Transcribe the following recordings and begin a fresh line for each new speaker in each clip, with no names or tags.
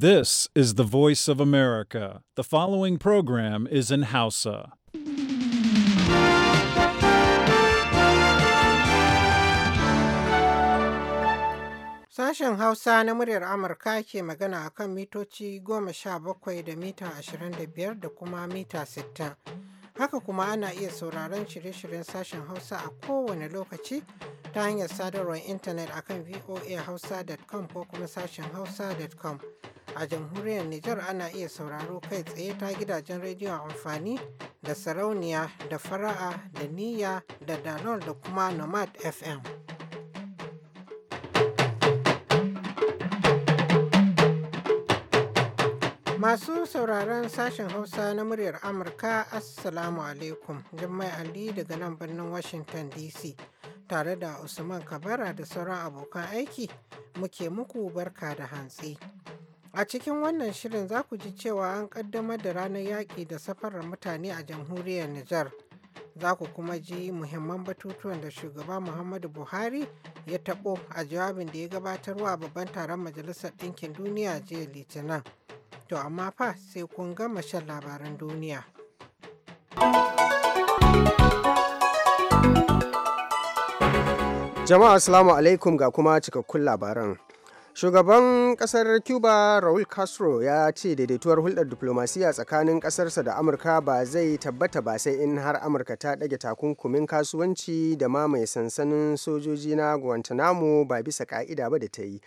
This is the voice of America. The following program is in Hausa.
Sashen Hausa na muryar Amurka ke magana a kan mitoci goma sha bakwai da mita ashirin da biyar da kuma mita sittin. Haka kuma ana iya sauraron shirye-shiryen sashen Hausa a kowane lokaci ta hanyar sadarwar intanet akan voahausa.com ko kuma sashen hausa.com. A jamhuriyar Nijar ana iya sauraro kai tsaye ta gidajen rediyon amfani da sarauniya da fara'a da niyya da danol da kuma nomad FM. Masu sauraron sashen Hausa na muryar Amurka, Assalamu alaikum. Jummai Ali daga nan birnin Washington DC. Tare da Usman Kabara da sauran abokan aiki muke muku barka da hantsi. A cikin wannan shirin za ku ji cewa an ƙaddamar da ranar yaƙi da safarar mutane a jamhuriyar Nijar. Za ku kuma ji muhimman batutuwan da shugaba Muhammadu Buhari ya taɓo a jawabin da ya gabatarwa babban taron Majalisar Ɗinkin Duniya jiya Litinin. To amma fa sai kun gama shan labaran duniya.
Jama'a Assalamu alaikum ga kuma cikakkun labaran. Shugaban kasar Cuba Raul Castro ya ce daidaituwar hulɗar diplomasiya tsakanin ƙasarsa da Amurka ba zai tabbata ba sai in har Amurka ta ɗage takunkumin kasuwanci da mamaye sansanin sojoji na Guantanamo ba bisa ƙa'ida ba da ta yi.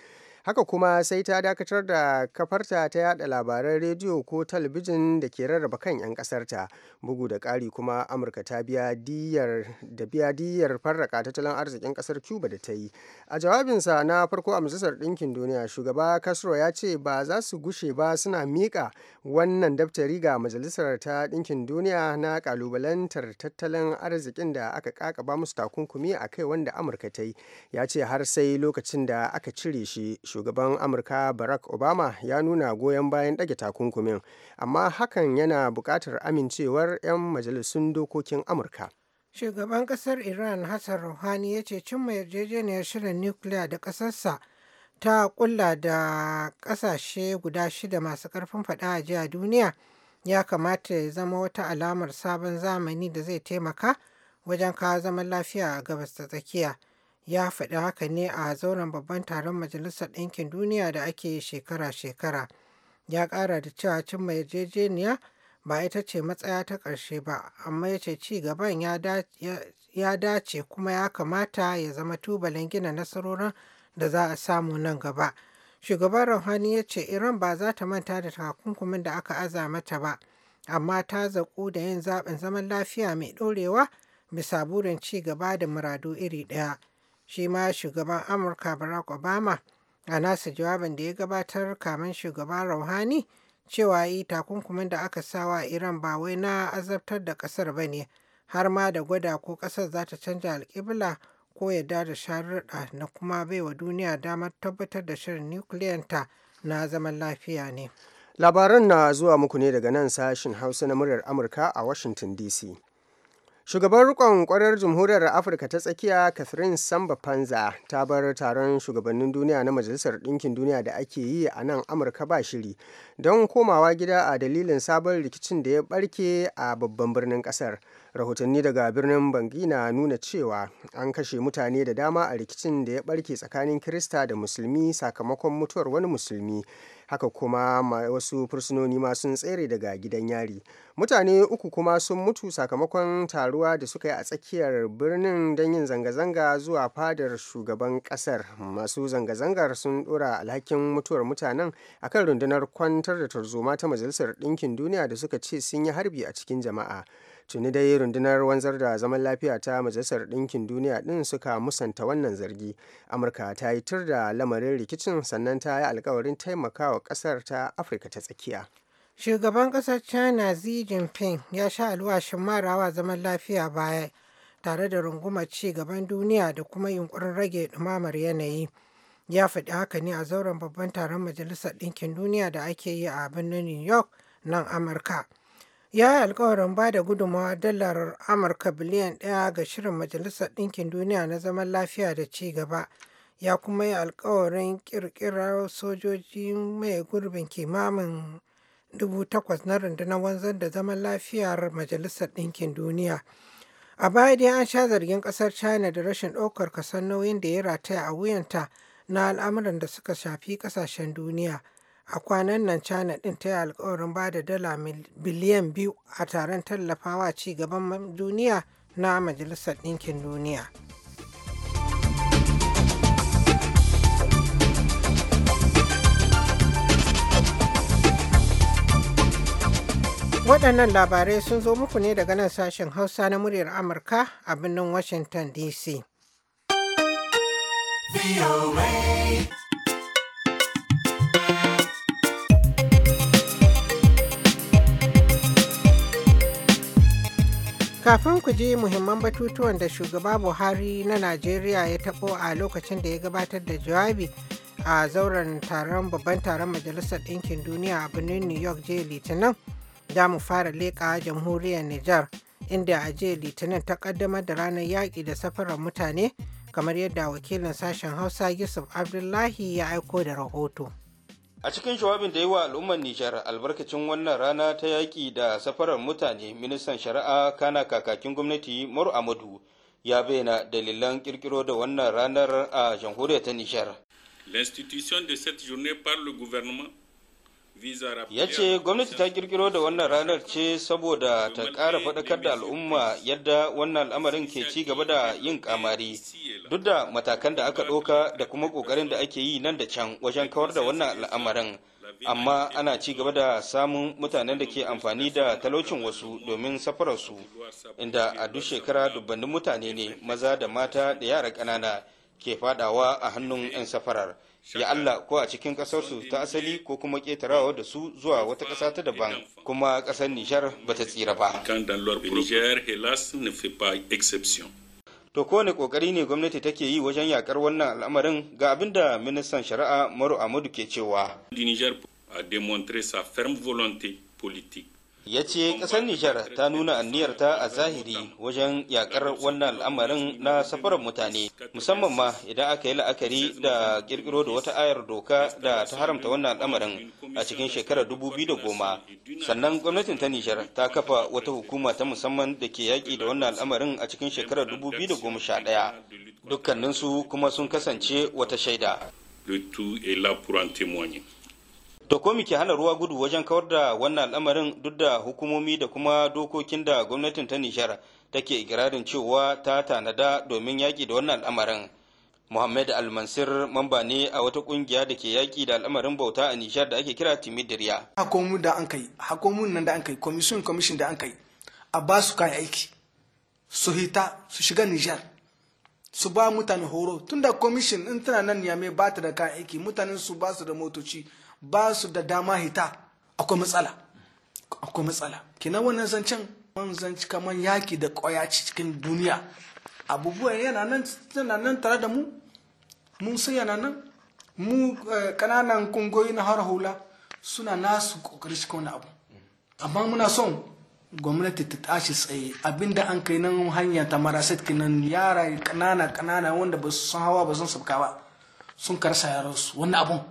haka kuma sai ta dakatar da kafarta ta yada labaran rediyo ko talabijin da ke rarraba kan 'yan kasarta bugu da ƙari kuma amurka ta biya diyar farraka tattalin arzikin kasar cuba da ta yi a jawabinsa na farko a majalisar ɗinkin duniya shugaba kasro ya ce ba za su gushe ba suna miƙa wannan daftari ga majalisar ta ɗinkin duniya na ƙalubalantar tattalin arzikin da aka kakaba musu takunkumi a kai wanda amurka ta yi ya ce har sai lokacin da aka cire shi shugaban amurka barack obama ya nuna goyon bayan ɗage takunkumin amma hakan yana buƙatar amincewar 'yan majalisun dokokin amurka
shugaban ƙasar iran hassan rouhani ya ce cimma yarjejeniyar shirin nukiliya da ƙasarsa ta kulla da ƙasashe guda shida masu ƙarfin faɗa a jiya duniya ya kamata ya zama wata alamar sabon zamani da zai taimaka wajen kawo zaman lafiya a gabas ta tsakiya ya faɗi haka ne a zauren babban taron majalisar ɗinkin duniya da ake shekara-shekara ya ƙara da cewa cimma yarjejeniya ba ita ce matsaya ta ƙarshe ba amma ya ce ci gaban ya dace kuma ya kamata ya zama tubalin gina nasarorin da za a samu nan gaba shugaban ruhani ya ce iran ba za ta manta da takunkumin da aka aza mata ba amma ta zaƙu da yin zaɓin zaman lafiya mai ɗorewa bisa burin ci gaba da muradu iri ɗaya shi ma shugaban amurka barack obama a nasa jawabin da ya gabatar kamin shugaban rauhani cewa yi takunkumin da aka sawa iran ba wai na azabtar da kasar ba ne har ma da gwada ko kasar za ta canja alkibla ko yarda da sharuɗa na kuma baiwa duniya damar tabbatar da shirin nukiliyanta na zaman lafiya ne
labaran na zuwa muku ne daga nan sashen hausa na muryar amurka a washington dc Shugaban rikon kwarar Jamhuriyar Afirka ta tsakiya Catherine Samba Panza ta bar taron shugabannin duniya na Majalisar Ɗinkin Duniya da ake yi a nan Amurka ba shiri don komawa gida a dalilin sabon rikicin da ya barke a babban birnin ƙasar. Rahotanni daga birnin Bangi na nuna cewa an kashe mutane da dama a rikicin da ya barke tsakanin Kirista da Musulmi sakamakon mutuwar wani Musulmi haka kuma wasu fursunoni ma sun tsere daga gidan yari mutane uku kuma sun mutu sakamakon taruwa da suka yi a tsakiyar birnin don yin zanga-zanga zuwa fadar shugaban kasar masu zanga-zangar sun dora alhakin mutuwar mutanen akan rundunar kwantar da tarzoma ta majalisar ɗinkin duniya da suka ce sun yi harbi a cikin jama'a tuni dai rundunar wanzar da zaman lafiya ta majalisar ɗinkin duniya ɗin suka musanta wannan zargi amurka ta yi tur da lamarin rikicin sannan ta yi alkawarin taimakawa ƙasar ta afirka ta tsakiya shugaban ƙasar china xi jinping ya
sha alwashin marawa zaman lafiya baya tare da rungumar ci gaban duniya da kuma yunkurin rage dumamar yanayi ya faɗi haka ne a zauren babban taron majalisar ɗinkin duniya da ake yi a birnin new york nan amurka ya yi alkawarin ba da gudunmawar dalar Amurka biliyan ɗaya ga shirin Majalisar Ɗinkin Duniya na zaman lafiya da ci gaba, ya kuma yi alkawarin ƙirƙirar sojoji mai gurbin kimamin dubu na rundunar wanzar da zaman lafiyar Majalisar Ɗinkin Duniya. A baya dai an sha zargin ƙasar China da rashin ɗaukar kasan nauyin da ya rataya a wuyanta na al'amuran da suka shafi ƙasashen duniya. A kwanan nan China ɗin ta yi alkawarin ba da dala biliyan biyu a taron tallafawa ci gaban duniya na Majalisar Ɗinkin Duniya. Waɗannan labarai sun zo muku ne daga nan sashen Hausa na muryar Amurka a birnin Washington DC. Kafin ku ji muhimman batutuwan da shugaba Buhari na Najeriya ya taɓo a lokacin da ya gabatar da jawabi a zauren taron babban taron Majalisar Ɗinkin Duniya a birnin New York jiya Litinin, da mu fara leƙa jamhuriyar Nijar, inda a jiya Litinin ta ƙaddamar da ranar yaƙi da safarar mutane, kamar yadda wakilin sashen Hausa Yusuf Abdullahi ya aiko da rahoto.
A cikin jawabin da yi wa al'ummar Nijar albarkacin wannan rana ta yaƙi da safarar mutane, ministan shari'a kana kakakin gwamnati Mor Amadu ya bayyana dalilan kirkiro da wannan ranar a jamhuriyar ta Nijar. L'institution de cette journée par ya ce gwamnati ta kirkiro da wannan ranar ce saboda ta ƙara faɗakar da al'umma yadda wannan al'amarin ke ci gaba da yin kamari duk da matakan da aka ɗauka da kuma ƙoƙarin da ake yi nan da can wajen kawar da wannan al'amarin amma ana ci gaba da samun mutanen da ke amfani da talaucin wasu domin safararsu inda a duk shekara dubbannin mutane ne maza da mata da yara ƙanana ke fadawa a hannun 'yan safarar ya Allah ko a cikin ƙasarsu ta asali ko kuma ƙetarawa da su zuwa wata ƙasa ta daban kuma ƙasar Nijar ba ta tsira ba. to kowane kokari ne gwamnati take yi wajen yakar wannan al'amarin ga abin da ministan shari'a maru amadu ke cewa niger a démontré sa ferme volonté politique ya ce ƙasar nijar ta nuna anniyarta a zahiri wajen yakar wannan al'amarin na safarar mutane musamman ma idan aka yi la'akari da kirkiro da wata ayar doka da ta haramta wannan al'amarin a cikin shekarar goma sannan gwamnatin ta nijar ta kafa wata hukuma ta musamman da ke yaƙi da wannan al'amarin a cikin shekarar ɗaya dukkaninsu kuma sun kasance wata shaida. To ke hana ruwa gudu wajen kawar da wannan al'amarin duk da hukumomi da kuma dokokin da gwamnatin ta Nijar take ikirarin cewa ta tanada domin yaƙi da wannan al'amarin. Muhammad Almansir mamba ne a wata kungiya da ke yaƙi da al'amarin bauta a Nijar da ake kira Timidiriya.
Hakomu da an kai, hakomun nan da an kai, komishin komishin da an kai,
a ba su kayan aiki, su hita, su shiga Nijar, su ba mutane horo, tunda komishin in tana nan ya ba ta da kayan aiki, mutanen su ba su da motoci, ba su da dama hita akwai matsala akwai matsala kina wannan zancen man zanci kamar yaki da ƙwayaci cikin duniya Abubuwa yana nan tana nan tare da mu mun san yana nan mu kananan eh, kungoyi na har hula suna nasu kokari cikin wani abu amma muna son gwamnati ta tashi tsaye abinda an kai nan hanya ta marasit kinan yara kanana kanana wanda ba su san hawa ba sun sabka ba sun karsa yaransu wannan abun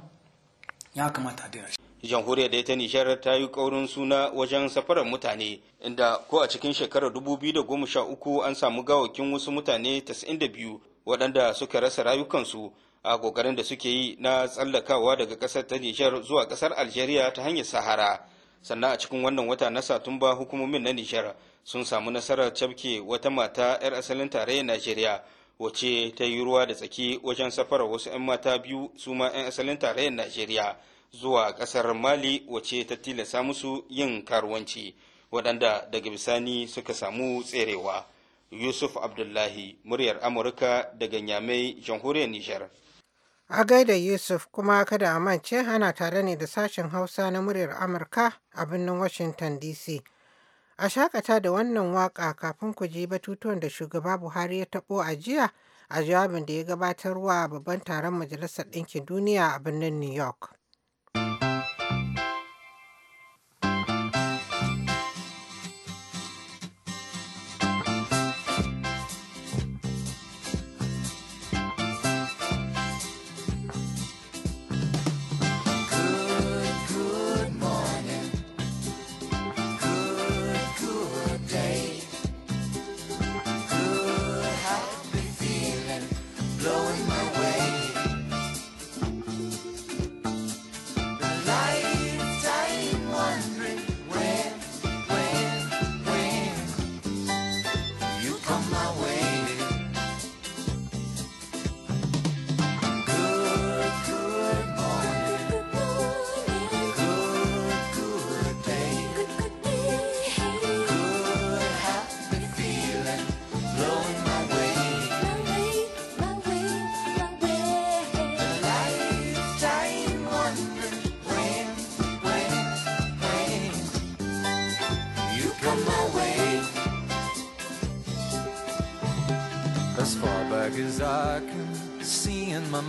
ya kamata a daina shi jamhuriyar da ta nijar ta yi kaurin suna wajen safarar mutane inda ko a cikin shekarar 2013 an samu gawakin wasu mutane 92 waɗanda suka rasa rayukansu a kokarin da suke yi na tsallakawa daga ƙasar ta nijar zuwa ƙasar algeria ta hanyar sahara sannan a cikin wannan wata na satumba hukumomin na nijar sun samu nasarar cafke wata mata 'yar asalin tarayyar najeriya wace ta yi ruwa da tsaki wajen safarar wasu 'yan mata biyu su ma 'yan asalin tarayyar najeriya zuwa kasar mali wace ta tilasta musu yin karuwanci waɗanda daga bisani suka samu tserewa yusuf abdullahi muryar amurka daga nyamai jamhuriyar nijar
a gaida yusuf kuma kada a mance ana tare ne da sashen hausa na muryar amurka a birnin washington dc A shakata da wannan waƙa kafin ku je batutuwan da shugaba Buhari ya taɓo a jiya a jawabin da ya gabatarwa babban taron Majalisar Ɗinkin Duniya a birnin New York.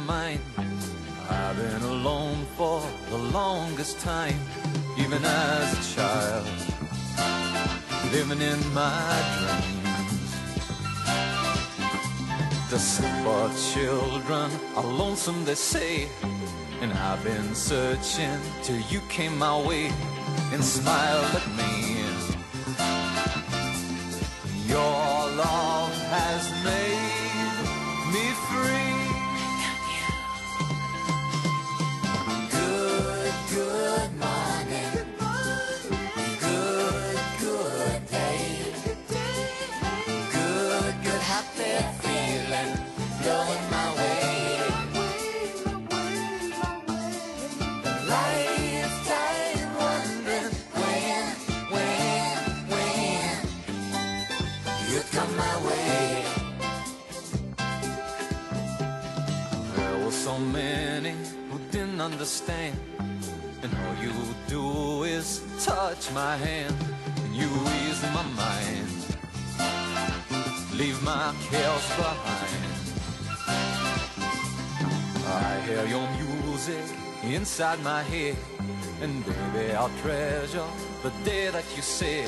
mind. I've been alone for the longest time, even as a child, living in my
dreams.
The simple children are lonesome, they say, and I've been searching till you came my way and smiled at me. stand And all you do is touch my hand And you ease my mind Leave my chaos behind I hear your music inside my head And baby I'll treasure the day that you say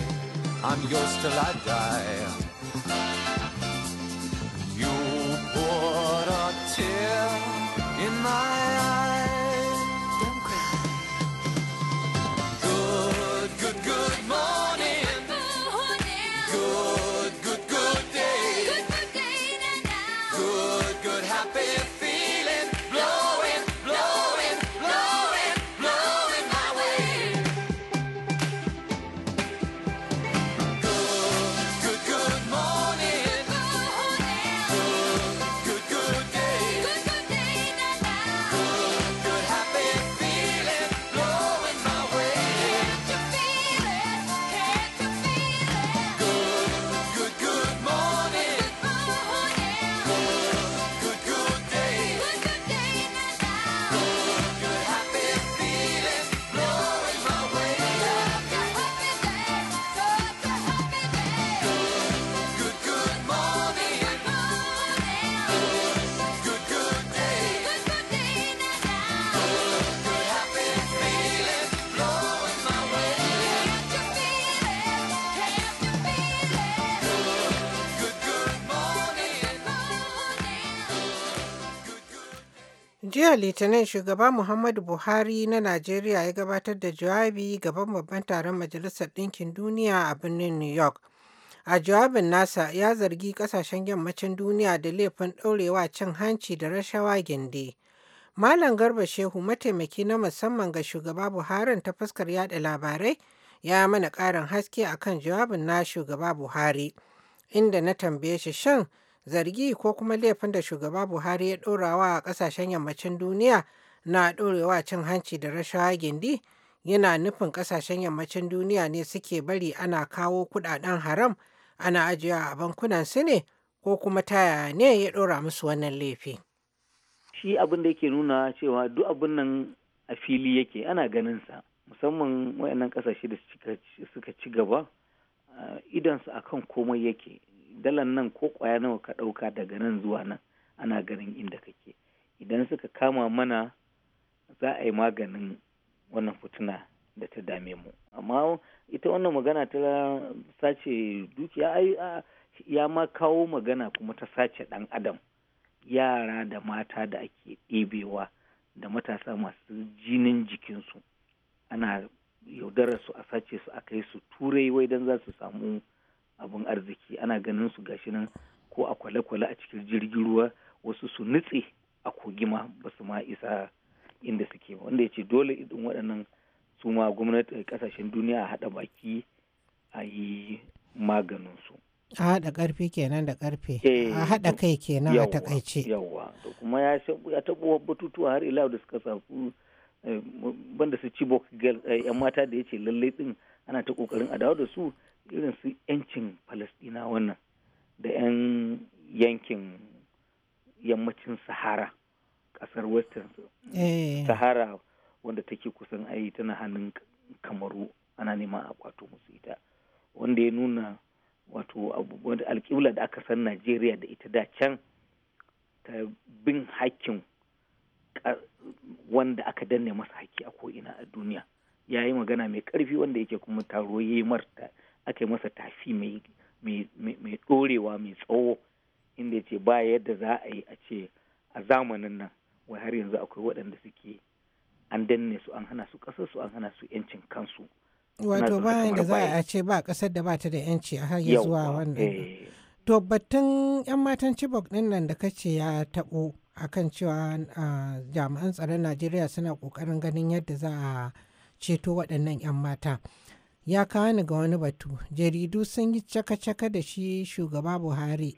I'm yours till I die
jiya Litinin shugaba Muhammadu Buhari na Najeriya ya gabatar da jawabi gaban babban taron Majalisar Ɗinkin Duniya a birnin New York. A jawabin nasa ya zargi kasashen yammacin duniya da laifin ɗaurewa cin hanci da rashawa gindi. Malam Garba Shehu mataimaki na musamman ga shugaba Buhari ta fuskar yada labarai ya mana ƙarin haske akan jawabin na shugaba Buhari inda na tambaye shi shan zargi ko kuma laifin da shugaba buhari ya ɗorawa a ƙasashen yammacin duniya na ɗorewa cin hanci da rashawa gindi yana nufin ƙasashen yammacin duniya ne suke bari ana kawo kuɗaɗen haram ana ajiya a bankunan su ne ko kuma taya ne ya ɗora musu wannan laifi
shi abin da yake nuna cewa duk abin nan a fili yake ana ganin sa musamman wayannan ƙasashe da suka ci gaba idansu akan komai yake dalan nan ko kwaya nawa ka ɗauka daga nan zuwa nan ana ganin inda kake idan suka kama mana za a yi maganin wannan fituna da ta dame mu amma ita wannan magana ta sace dukiya ya ma kawo magana kuma ta sace ɗan adam yara da mata da ake ɗebewa da matasa masu jinin jikinsu ana yaudararsu a sace su a kai su turai wai don za su samu abun arziki ana ganin su gashi nan ko a kwale-kwale a cikin jirgin ruwa wasu su nutse a kogima ba su ma isa inda suke ba wanda ya ce dole idin waɗannan su ma gwamnati kasashen eh, duniya a haɗa baki a yi maganin su.
a haɗa ƙarfi kenan da ƙarfe eh, a haɗa kai kenan a takaice
yawwa da kuma ya taɓo batutuwa har ila da suka samu eh, banda su ci yan mata da ya ce lallai ɗin ana ta kokarin a dawo da su irin su 'yancin falasɗina wannan da 'yan yankin yammacin sahara ƙasar western eh. sahara wanda take kusan ai tana hannun kamaru ana neman a kwato musu ita wanda ya nuna wato alƙibla da aka san najeriya da ita da can ta bin hakkin wanda aka danne masa haƙƙi a ko'ina a duniya ya yi magana mai ƙarfi wanda yake kuma taro yi marta ake masa tafi mai ɗorewa mai tsawo inda ya ce ba yadda za a yi a ce a zamanin nan wai har yanzu akwai waɗanda suke an danne su an hana su ƙasar su an hana su yancin kansu
wato ba da za a ce ba ƙasar da ba ta da yanci a har yanzu zuwa wannan eh. to batun yan matan chibok din nan da kace ya taɓo akan cewa jami'an tsaron najeriya suna ƙoƙarin ganin yadda za a ceto waɗannan yan mata ya kawo ni ga wani batu jaridu sun yi caka-caka da shi shugaba buhari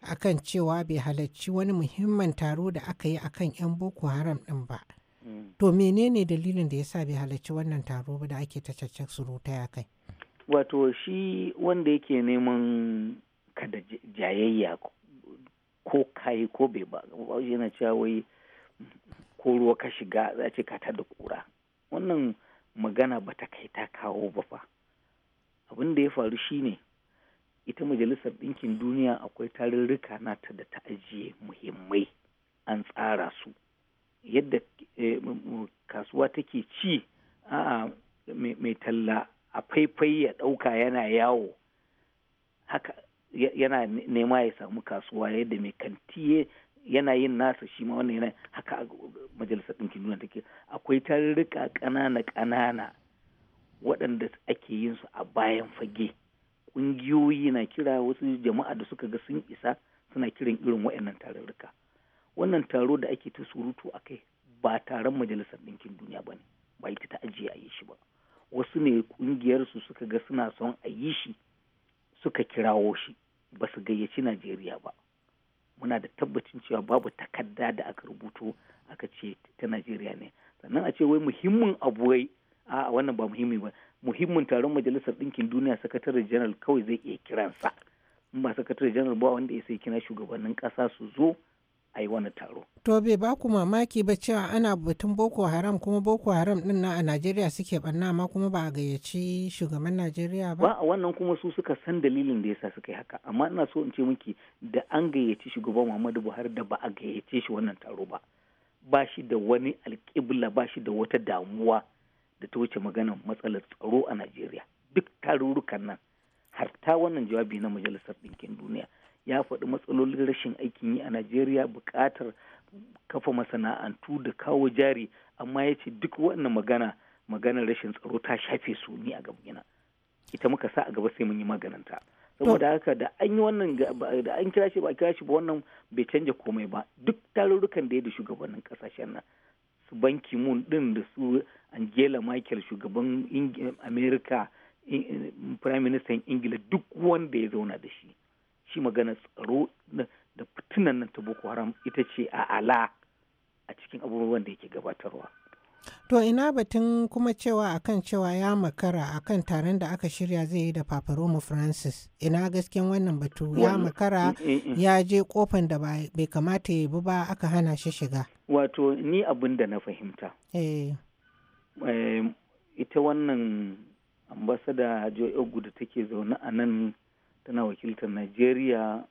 akan cewa bai halarci wani muhimman taro da aka yi akan 'yan boko haram din ba mm. to menene dalilin da ya sa bai halarci wannan taro ba da ake ta caccak surutai a kai
wato shi wanda yake neman kada jayayya ko kayi ko bai ba yana cewa wai ko ruwa ka shiga za ce ka ta da kura wannan magana ba ta kai ta kawo ba fa abin da ya faru shine ita majalisar ɗinkin duniya akwai tarurruka nata da ta ajiye muhimmai an tsara su yadda eh, kasuwa take ci a mai talla a faifai ya ɗauka yana yawo haka yana nema ya samu kasuwa yadda mai kanti yana yin nasa shi ma wannan yana haka a majalisar ɗinkin duniya take akwai tarurruka ƙanana ƙanana waɗanda ake yin su a bayan fage ƙungiyoyi na kira wasu jama'a da suka ga sun isa suna kiran irin waɗannan tarurruka wannan taro da ake ta surutu a kai ba taron majalisar ɗinkin duniya ba ne ba ita ta ajiye a yi shi ba wasu ne ƙungiyarsu suka ga suna son a yi shi suka kirawo shi ba su gayyaci najeriya ba muna da tabbacin cewa babu takarda da aka rubuto aka ce ta najeriya ne sannan a ce wai muhimmin abu wai a wannan ba muhimmi ba muhimmin taron majalisar ɗinkin duniya sakatare janar kawai zai iya kiransa in ba sakatare janar ba wanda ya sai kina shugabannin ƙasa su zo a yi wani
taro. To bai ba ku mamaki ba cewa ana batun Boko Haram kuma Boko Haram din na a Najeriya suke banna ma kuma ba a gayyaci shugaban Najeriya ba. Ba
wannan kuma su suka san dalilin da yasa suka yi haka amma ina so in ce miki da an gayyaci shugaban Muhammadu Buhari da ba a gayyace shi wannan taro ba. Ba shi da wani alƙibla ba shi da wata damuwa da ta wuce maganar matsalar tsaro a Najeriya. Duk tarurrukan nan har ta wannan jawabi na Majalisar Ɗinkin Duniya. ya faɗi matsalolin rashin aikin yi a najeriya buƙatar kafa masana'antu da kawo jari amma ya ce duk wannan magana maganar rashin tsaro ta shafe su ni a gabgina ita muka sa a gaba sai mun yi ta saboda haka da an yi wannan da an kira shi ba kira shi ba wannan bai canja komai ba duk tarurrukan da ya da shugabannin kasashen nan su banki mun din da su angela michael shugaban america prime minister ingila duk wanda ya zauna da shi shi magana tsaro da fitinan nan ta boko haram ita ce a ala a cikin abubuwan da yake gabatarwa
to ina batun kuma cewa akan cewa ya makara akan taron da aka shirya zai yi da paparoma francis ina gasken wannan batu ya makara eh, eh, eh. ya je kofan da bai kamata ya bi ba aka hana shi shiga
wato ni abin da na fahimta ita wannan ambasada joe da take zaune a nan tana wakiltar najeriya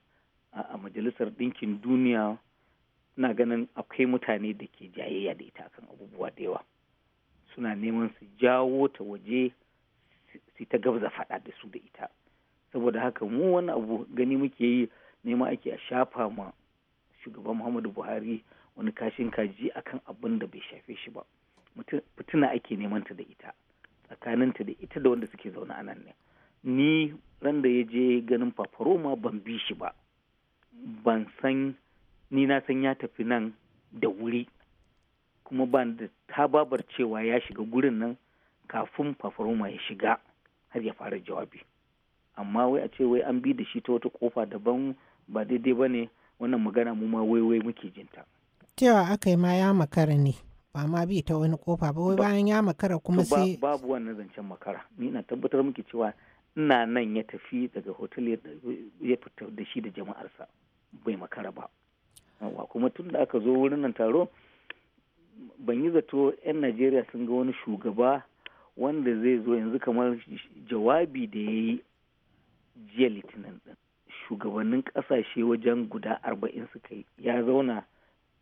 a majalisar ɗinkin duniya na ganin akwai mutane da ke jayayya da ita kan abubuwa da yawa suna neman su jawo ta waje su ta gabza faɗa da su da ita saboda haka mu wani abu gani muke yi nema ake a shafa ma shugaban muhammadu buhari wani kashin kaji akan abin da bai shafe shi ba fitina ake neman ta da ita tsakaninta da ita da wanda suke zaune a nan ne ni ran da ya je ganin faforoma ban bi shi ba ban san ni na san ya tafi nan da wuri kuma ban da tababar cewa ya shiga gurin nan kafin faforoma ya shiga har ya fara jawabi amma wai a ce wai an bi da shi ta wata kofa daban ba daidai ba ne wannan magana mu ma wai wai muke jinta
cewa aka yi ma ya makara ne ba ma bi ta wani kofa ba wai bayan ya makara kuma sai
babu wannan zancen makara ni na tabbatar muke cewa ina nan ya tafi daga hotel ya fita da shi da jama'arsa bai makara ba kuma tun da aka zo wurin nan taro ban yi zato 'yan najeriya sun ga wani shugaba wanda zai zo yanzu kamar jawabi da ya yi jiya litinin din shugabannin kasashe wajen guda arba'in suka yi ya zauna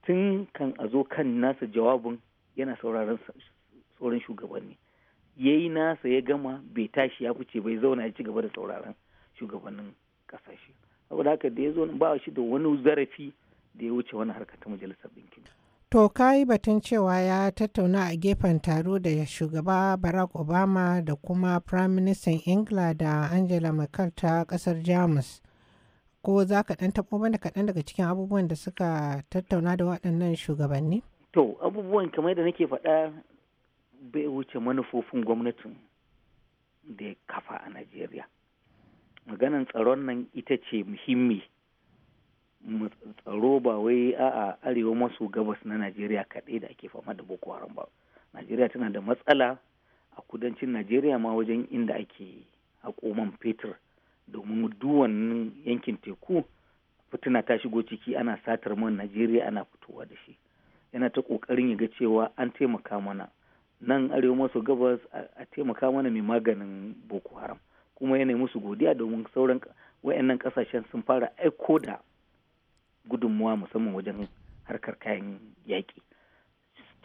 tun kan a zo kan nasa jawabin yana sauraron sauran shugabanni ya yi nasa ya gama bai tashi ya fice bai zauna ya ci gaba da sauraron shugabannin kasashe saboda haka da ya zo ba shi da wani zarafi da ya wuce wani harka ta majalisar ɗinkin
to kayi batun cewa ya tattauna a gefen taro da shugaba barack obama da kuma prime minister ingila da angela merkel ta kasar jamus ko za ka dan taɓo mana kaɗan daga cikin abubuwan da suka tattauna da waɗannan shugabanni
to abubuwan kamar da nake faɗa bai wuce manufofin gwamnatin da ya kafa a Najeriya. Maganan tsaron nan ita ce muhimmi. Tsaro ba wai a arewa maso gabas na Najeriya kaɗai da ake fama da Boko Haram ba. Najeriya tana da matsala a kudancin Najeriya ma wajen inda ake haƙoman fetur domin duwannin yankin teku fituna ta shigo ciki ana satar man Najeriya ana fitowa da shi. Yana ta ƙoƙarin ya ga cewa an taimaka mana nan arewa maso gabas a taimaka mana mai maganin boko haram kuma yana musu godiya domin sauran wayannan kasashen sun fara aiko da gudunmuwa musamman wajen harkar kayan yaƙi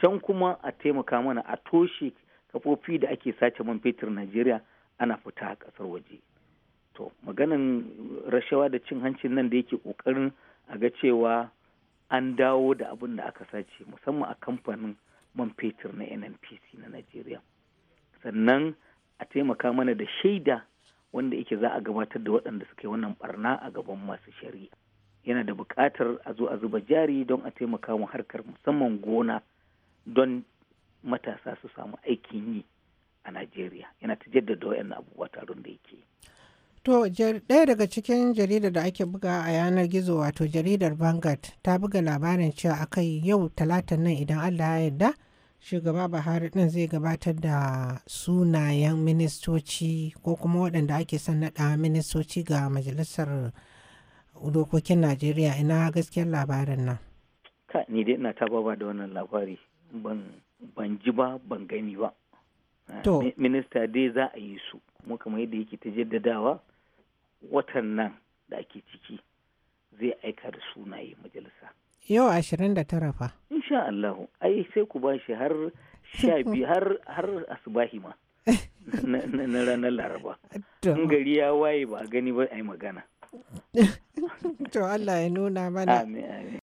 can kuma a taimaka mana a toshe kafofi da ake sace man fetur najeriya ana fita a ƙasar waje to maganan rashawa da cin hancin nan da yake ƙoƙarin a ga cewa an dawo da abin da aka sace musamman a kamfanin man fetur na nnpc na najeriya sannan a taimaka mana da shaida wanda yake za a gabatar da waɗanda suka wannan barna a gaban masu shari'a yana da buƙatar a zo a zuba jari don a taimaka mu harkar musamman gona don matasa su samu aikin yi a najeriya yana ta jaddada waɗannan abubuwa taron da yake
To, ɗaya daga cikin jaridar da ake buga a yanar gizo wato jaridar Vanguard ta buga labarin cewa akai yau talatan nan idan Allah ya yarda shugaba buhari din zai gabatar da sunayen ministoci ko kuma waɗanda ake son naɗa ministoci ga majalisar dokokin najeriya ina gaskiyar labarin nan ka
ni dai ina ta baba da wannan labari ban ji ba ban gani ba ah, to minista dai za a yi su kuma kamar yadda yake ta jaddadawa watan nan da ake ciki zai aika da sunaye majalisa
Yau ashirin da tara fa. Insha Allah, ai
sai ku bashi har sha biyu har har asubahi ma. Na ranar Laraba. In gari ya waye ba a gani ba a yi magana.
To Allah ya nuna mana. Amin amin.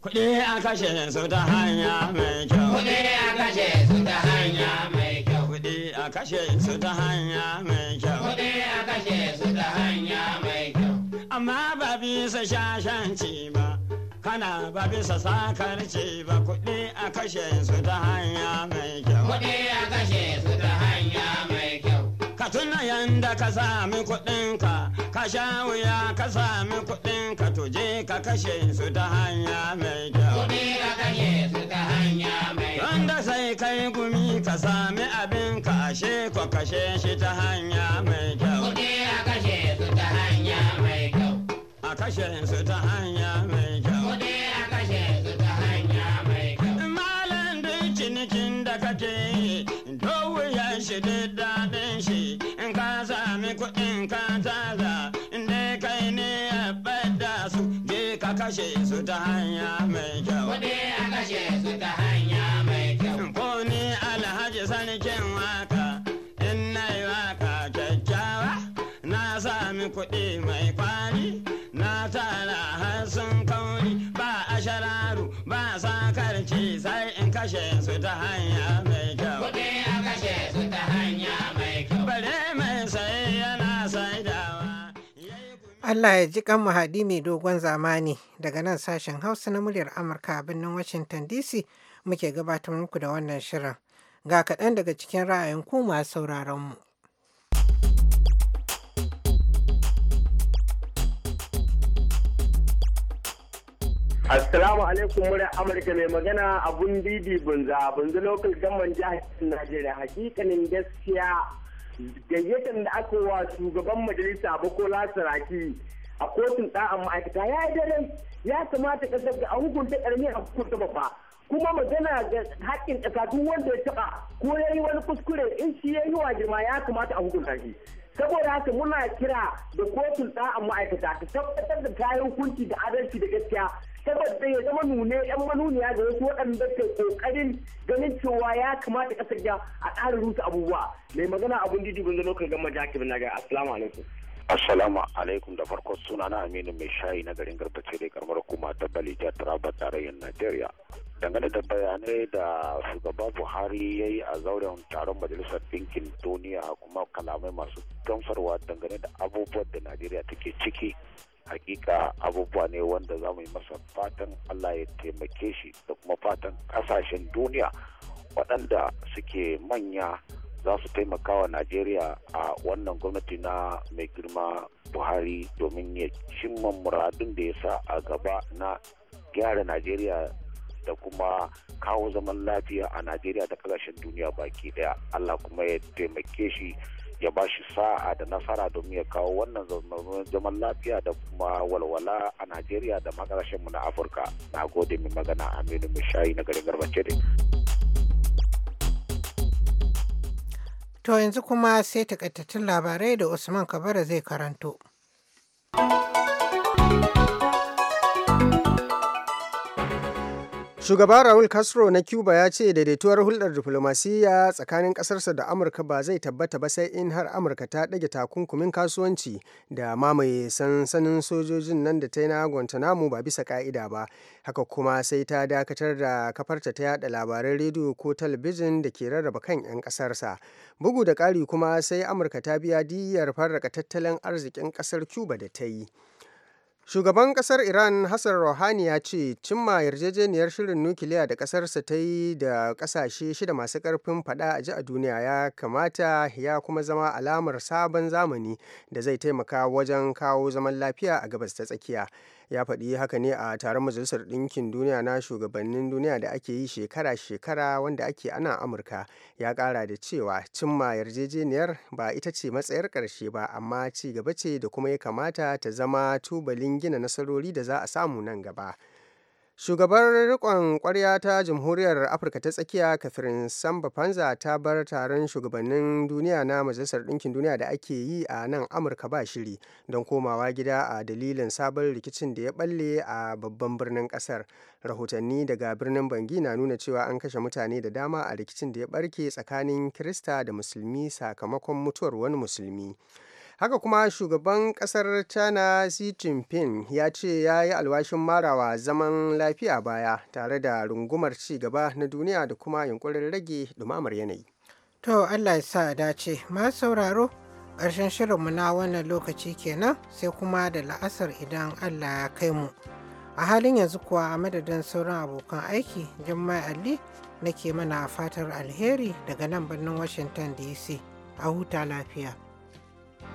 Kuɗi a
kashe su ta hanya mai kyau. Kuɗi a kashe su ta hanya mai kyau. Kuɗi a kashe su ta hanya mai kyau. Kuɗi a kashe su ta hanya mai kyau. Amma ba bisa shashanci ba. kana ba bisa ce ba kuɗi a kashe su ta hanya mai kyau. Kuɗi a kashe su ta hanya mai kyau. Ka tuna yanda ka sami kuɗinka, ka sha wuya ka sami kuɗinka tuje ka kashe su ta hanya mai kyau. Kuɗi a kashe su ta hanya mai kyau. Wanda sai kai gumi ka sami abin ka ashe ko kashe shi ta hanya mai kyau. Kuɗi a kashe su ta hanya mai kyau. A kashe su ta hanya su ta hanya mai kyau. a kashe su ta hanya mai kyau. Ko ni alhaji sarkin waka, in na yi waka kyakkyawa, na sami kuɗi mai kwari, na tara har sun kauri, ba a shararu, ba sakarci sai in kashe su ta hanya
Allah ya ji kan mahadi mai dogon zamani daga nan sashen Hausa na muryar Amurka a birnin Washington DC muke gabatar muku da wannan shirin. Ga kaɗan daga cikin ra'ayin ku masu sauraron mu.
Assalamu alaikum murar Amurka mai magana abun didi bunza bunza local government jihar Najeriya hakikanin gaskiya gayyatar da aka wa shugaban majalisa bakola saraki a kotun ɗa'an ma'aikata ya yi daren ya kamata ka ga a hukunta ƙarami a hukunta babba kuma magana ga haƙƙin ƙasa duk wanda ya taɓa ko ya yi wani kuskure in shi ya yi wa girma ya kamata a hukunta shi saboda haka muna kira da kotun ɗa'an ma'aikata ka tabbatar da kayan hukunci da adalci da gaskiya saboda ya zama nune yan manuniya ga wasu waɗanda ke kokarin ganin cewa ya kamata kasar ya a ƙara rusa abubuwa mai magana abun didi gunzo lokacin gama jaki na ga assalamu alaikum Assalamu alaikum da farko suna na Aminu mai shayi na garin garbace da karamar kuma ta Balija Taraba tarayyar Najeriya. Dangane da bayanai da shugaba Buhari ya yi a zauren taron Majalisar Dinkin Duniya kuma kalamai masu gamsarwa dangane da abubuwan da Najeriya take ciki hakika abubuwa ne wanda za mu yi masa fatan allah ya taimake shi da kuma fatan kasashen duniya waɗanda suke manya za su taimaka wa najeriya a wannan gwamnati na mai girma buhari domin ya cimma muradun da ya sa a gaba na gyara najeriya da kuma kawo zaman lafiya a najeriya da kasashen duniya baki daya allah kuma ya taimake shi ya ba shi sa'a da nasara domin ya kawo wannan zaman lafiya da kuma walwala a Najeriya da mu na Afirka. Na gode mai magana Aminu Mishayi na garin Garbacere.
To yanzu kuma sai takaitattun labarai da Usman Kabara zai karanto.
Shugaba Raul Castro na Cuba ya ce daidaituwar hulɗar diflomasiyya tsakanin ƙasarsa da Amurka ba zai tabbata ba sai in har Amurka ta ɗage takunkumin kasuwanci da mamaye sansanin sojojin nan da ta yi na Guantanamo ba bisa ka'ida ba. Haka kuma sai ta dakatar da kafarta ta yada labaran rediyo ko talabijin da ke rarraba kan 'yan ƙasarsa. Bugu da ƙari kuma sai Amurka ta biya diyyar farraka tattalin arzikin ƙasar Cuba da ta yi. Shugaban ƙasar Iran Hassan Rouhani ya ce cimma yarjejeniyar shirin nukiliya da ƙasarsa ta yi da ƙasashe shida masu ƙarfin fada a ji a duniya ya kamata ya kuma zama alamar sabon zamani da zai taimaka wajen kawo zaman lafiya a gabas ta tsakiya. ya faɗi haka ne a taron majalisar ɗinkin duniya na shugabannin duniya da ake yi shekara-shekara wanda ake ana amurka ya ƙara da cewa cimma yarjejeniyar ba ita ce matsayar ƙarshe ba amma ci gaba ce da kuma ya kamata ta zama tubalin gina nasarori da za a samu nan gaba. Shugabar riƙon ƙwarya ta Jamhuriyar Afirka ta Tsakiya kafirin Samba-Panza ta bar taron shugabannin duniya na Majalisar Ɗinkin Duniya da ake yi a nan Amurka ba shiri don komawa gida a dalilin sabon rikicin da ya balle a babban birnin ƙasar. Rahotanni daga birnin Bangi na nuna cewa an kashe mutane da dama a rikicin da ya ɓarke tsakanin Kirista da Musulmi sakamakon mutuwar wani Musulmi. haka kuma shugaban kasar china xi jinping ya ce ya yi alwashin marawa zaman lafiya baya tare da rungumar ci gaba na duniya da kuma yunkurin rage dumamar yanayi to allah ya
sa dace masu sauraro ƙarshen shirinmu na wannan lokaci kenan sai kuma da la'asar idan allah ya kai mu a halin yanzu kuwa a madadin sauran abokan aiki jummai ali nake mana fatar alheri daga nan birnin washington dc a huta lafiya